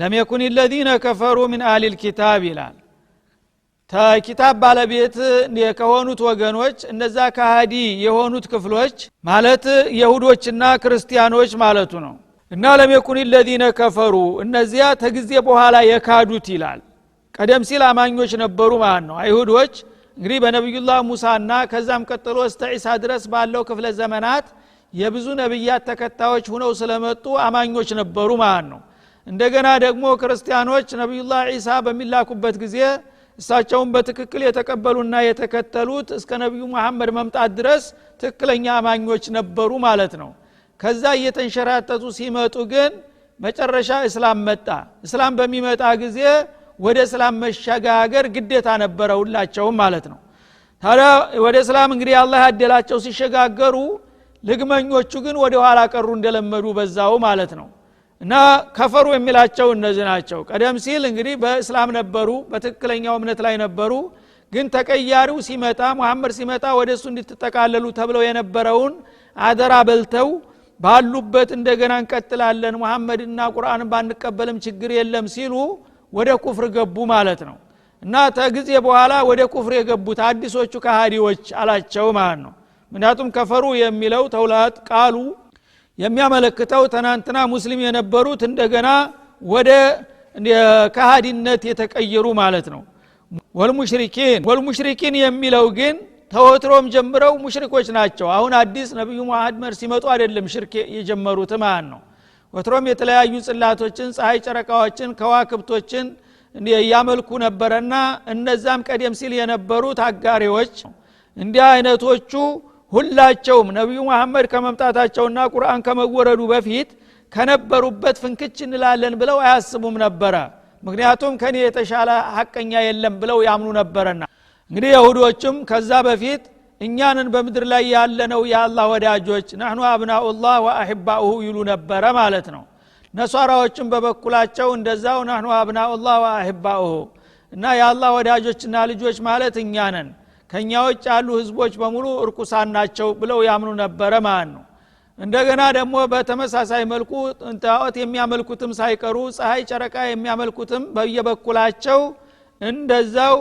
ለምየኩን ለዚነ ከፈሩ ምን አህሊል ኪታብ ይላል ከኪታብ ባለቤት ከሆኑት ወገኖች እነዛ ከሃዲ የሆኑት ክፍሎች ማለት የሁዶችና ክርስቲያኖች ማለቱ ነው እና ለሜኩን ለዚነ ከፈሩ እነዚያ ተጊዜ በኋላ የካዱት ይላል ቀደም ሲል አማኞች ነበሩ ማለት ነው አይሁዶች እንግዲህ በነቢዩላህ ሙሳና ከዛም ቀጥሎ እስተ ዒሳ ድረስ ባለው ክፍለ ዘመናት የብዙ ነቢያት ተከታዮች ሁነው ስለመጡ አማኞች ነበሩ ማለት ነው እንደገና ደግሞ ክርስቲያኖች ነቢዩላ ዒሳ በሚላኩበት ጊዜ እሳቸውን በትክክል የተቀበሉና የተከተሉት እስከ ነቢዩ መሐመድ መምጣት ድረስ ትክክለኛ አማኞች ነበሩ ማለት ነው ከዛ እየተንሸራተቱ ሲመጡ ግን መጨረሻ እስላም መጣ እስላም በሚመጣ ጊዜ ወደ እስላም መሸጋገር ግዴታ ነበረ ሁላቸውም ማለት ነው ታዲያ ወደ እስላም እንግዲህ አላህ ያደላቸው ሲሸጋገሩ ልግመኞቹ ግን ወደ ኋላ ቀሩ እንደለመዱ በዛው ማለት ነው እና ከፈሩ የሚላቸው እነዚህ ናቸው ቀደም ሲል እንግዲህ በእስላም ነበሩ በትክክለኛው እምነት ላይ ነበሩ ግን ተቀያሪው ሲመጣ መሐመድ ሲመጣ ወደ እሱ እንድትጠቃለሉ ተብለው የነበረውን አደራ በልተው ባሉበት እንደገና እንቀጥላለን መሐመድና ቁርአንን ባንቀበልም ችግር የለም ሲሉ ወደ ኩፍር ገቡ ማለት ነው እና ተጊዜ በኋላ ወደ ኩፍር የገቡት አዲሶቹ ካሃዲዎች አላቸው ማለት ነው ምክንያቱም ከፈሩ የሚለው ተውላት ቃሉ የሚያመለክተው ትናንትና ሙስሊም የነበሩት እንደገና ወደ ከሃዲነት የተቀየሩ ማለት ነው ወልሙሽሪኪን ወልሙሽሪኪን የሚለው ግን ተወትሮም ጀምረው ሙሽሪኮች ናቸው አሁን አዲስ ነቢዩ መሐመድ ሲመጡ አይደለም ሽርክ የጀመሩት ማለት ነው ወትሮም የተለያዩ ጽላቶችን ፀሐይ ጨረቃዎችን ከዋክብቶችን እያመልኩ ነበረና እነዛም ቀደም ሲል የነበሩት አጋሪዎች እንዲህ አይነቶቹ ሁላቸውም ነቢዩ መሐመድ ከመምጣታቸውና ቁርአን ከመወረዱ በፊት ከነበሩበት ፍንክች እንላለን ብለው አያስቡም ነበረ ምክንያቱም ከኔ የተሻለ ሀቀኛ የለም ብለው ያምኑ ነበረና እንግዲህ የሁዶችም ከዛ በፊት እኛንን በምድር ላይ ያለነው የአላህ ወዳጆች ናህኑ አብናኡላህ ወአሕባኡሁ ይሉ ነበረ ማለት ነው ነሷራዎችም በበኩላቸው እንደዛው ናህኑ አብናኡላህ ወአሕባኡሁ እና የአላህ ወዳጆችና ልጆች ማለት እኛ ነን ከእኛ ውጭ ያሉ ህዝቦች በሙሉ እርኩሳን ናቸው ብለው ያምኑ ነበረ ማለት ነው እንደገና ደግሞ በተመሳሳይ መልኩ ጣዖት የሚያመልኩትም ሳይቀሩ ፀሐይ ጨረቃ የሚያመልኩትም በየበኩላቸው እንደዛው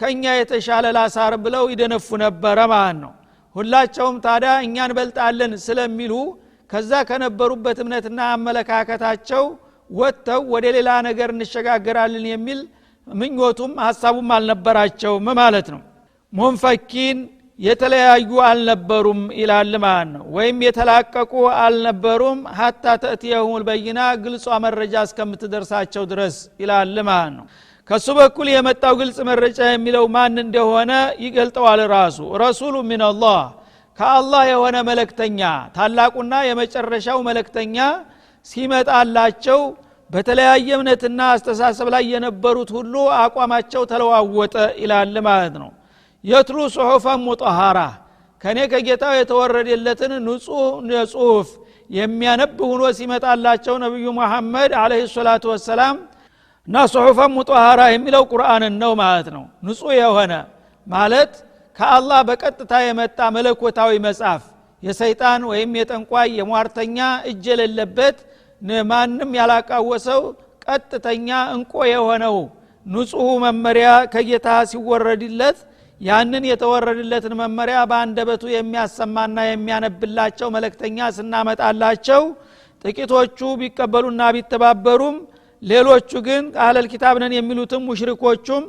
ከእኛ የተሻለ ላሳር ብለው ይደነፉ ነበረ ማለት ነው ሁላቸውም ታዲያ እኛ እንበልጣለን ስለሚሉ ከዛ ከነበሩበት እምነትና አመለካከታቸው ወጥተው ወደ ሌላ ነገር እንሸጋገራለን የሚል ምኞቱም ሀሳቡም አልነበራቸውም ማለት ነው ሙንፈኪን የተለያዩ አልነበሩም ይላል ማለት ነው ወይም የተላቀቁ አልነበሩም ሀታ ተእትየሁም በይና ግልጿ መረጃ እስከምትደርሳቸው ድረስ ይላል ማለት ነው ከሱ በኩል የመጣው ግልጽ መረጃ የሚለው ማን እንደሆነ ይገልጠዋል ራሱ ረሱሉ ሚንላህ ከአላህ የሆነ መለክተኛ ታላቁና የመጨረሻው መለክተኛ ሲመጣላቸው በተለያየ እምነትና አስተሳሰብ ላይ የነበሩት ሁሉ አቋማቸው ተለዋወጠ ይላል ማለት ነው የትሉ ጽሑፈን ሙጠሃራ ከእኔ ከጌታው የተወረደለትን ንጹህ ጽሁፍ የሚያነብ ሁኖ ሲመጣላቸው ነቢዩ መሐመድ አለህ ሰላቱ ወሰላም እና ጽሑፈን ሙጠሃራ የሚለው ቁርአንን ነው ማለት ነው ንጹህ የሆነ ማለት ከአላህ በቀጥታ የመጣ መለኮታዊ መጽሐፍ የሰይጣን ወይም የጠንቋይ የሟርተኛ እጅ የሌለበት ማንም ያላቃወሰው ቀጥተኛ እንቆ የሆነው ንጹህ መመሪያ ከጌታ ሲወረድለት ያንን የተወረድለትን መመሪያ በአንደበቱ የሚያሰማና የሚያነብላቸው መለክተኛ ስናመጣላቸው ጥቂቶቹ ቢቀበሉና ቢተባበሩም ሌሎቹ ግን አለል ኪታብ ነን የሚሉትም ሙሽሪኮቹም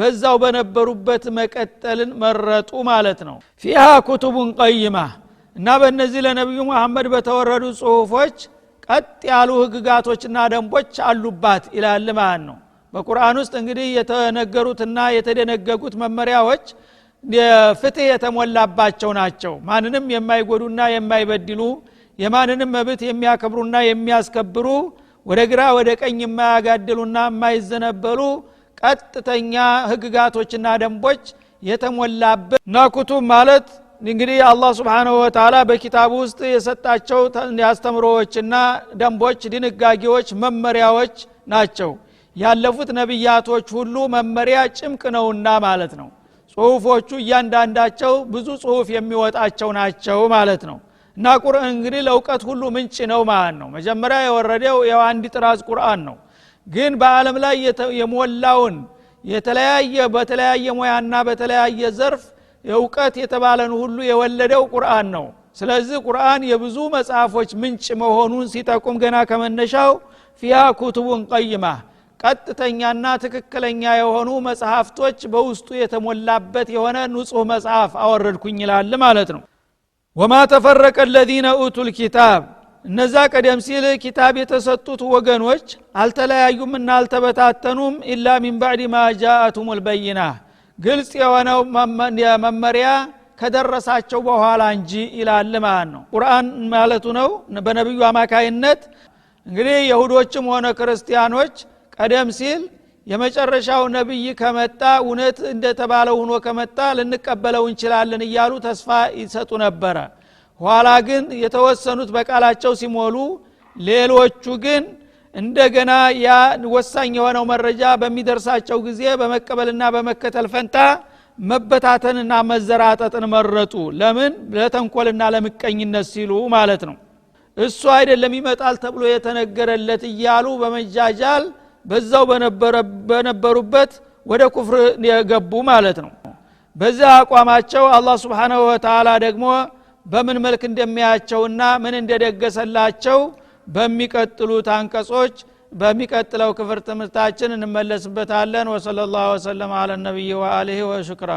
በዛው በነበሩበት መቀጠልን መረጡ ማለት ነው ፊሃ ኩቱቡን ቀይማ እና በእነዚህ ለነቢዩ መሐመድ በተወረዱ ጽሁፎች ቀጥ ያሉ ህግጋቶችና ደንቦች አሉባት ይላል ማለት ነው በቁርአን ውስጥ እንግዲህ የተነገሩትና የተደነገጉት መመሪያዎች ፍትህ የተሞላባቸው ናቸው ማንንም የማይጎዱና የማይበድሉ የማንንም መብት የሚያከብሩና የሚያስከብሩ ወደ ግራ ወደ ቀኝ የማያጋድሉና የማይዘነበሉ ቀጥተኛ ህግጋቶችና ደንቦች የተሞላበት ናኩቱ ማለት እንግዲህ አላህ ስብንሁ ወተላ በኪታቡ ውስጥ የሰጣቸው አስተምሮዎችና ደንቦች ድንጋጌዎች መመሪያዎች ናቸው ያለፉት ነቢያቶች ሁሉ መመሪያ ጭምቅ ነውና ማለት ነው ጽሁፎቹ እያንዳንዳቸው ብዙ ጽሁፍ የሚወጣቸው ናቸው ማለት ነው እና ቁርአን እንግዲህ ለእውቀት ሁሉ ምንጭ ነው ማለት ነው መጀመሪያ የወረደው የአንድ ጥራዝ ቁርአን ነው ግን በአለም ላይ የሞላውን የተለያየ በተለያየ ሙያና በተለያየ ዘርፍ እውቀት የተባለን ሁሉ የወለደው ቁርአን ነው ስለዚህ ቁርአን የብዙ መጽሐፎች ምንጭ መሆኑን ሲጠቁም ገና ከመነሻው ፊያ ኩቱቡን ቀይማ ቀጥተኛና ትክክለኛ የሆኑ መጽሐፍቶች በውስጡ የተሞላበት የሆነ ንጹህ መጽሐፍ አወረድኩኝ ይላል ማለት ነው ወማ ተፈረቀ ለዚነ ኡቱ ልኪታብ እነዛ ቀደም ሲል ኪታብ የተሰጡት ወገኖች አልተለያዩምና አልተበታተኑም ኢላ ሚን ባዕድ ማ ጃአቱም ልበይና ግልጽ የሆነው መመሪያ ከደረሳቸው በኋላ እንጂ ይላል ማለት ነው ቁርአን ማለቱ ነው በነቢዩ አማካይነት እንግዲህ የሁዶችም ሆነ ክርስቲያኖች ቀደም ሲል የመጨረሻው ነቢይ ከመጣ እውነት እንደተባለው ሁኖ ከመጣ ልንቀበለው እንችላለን እያሉ ተስፋ ይሰጡ ነበረ ኋላ ግን የተወሰኑት በቃላቸው ሲሞሉ ሌሎቹ ግን እንደገና ያ ወሳኝ የሆነው መረጃ በሚደርሳቸው ጊዜ በመቀበልና በመከተል ፈንታ መበታተንና መዘራጠጥን መረጡ ለምን ለተንኮልና ለምቀኝነት ሲሉ ማለት ነው እሱ አይደለም ይመጣል ተብሎ የተነገረለት እያሉ በመጃጃል በዛው በነበሩበት ወደ ኩፍር የገቡ ማለት ነው በዚህ አቋማቸው አላህ ስብሓናሁ ወተላ ደግሞ በምን መልክ እንደሚያቸውና ምን እንደደገሰላቸው በሚቀጥሉት አንቀጾች በሚቀጥለው ክፍር ትምህርታችን እንመለስበታለን ወሰለ ላሁ ወሰለም አለ ነቢይ ወአልህ ወሽክራ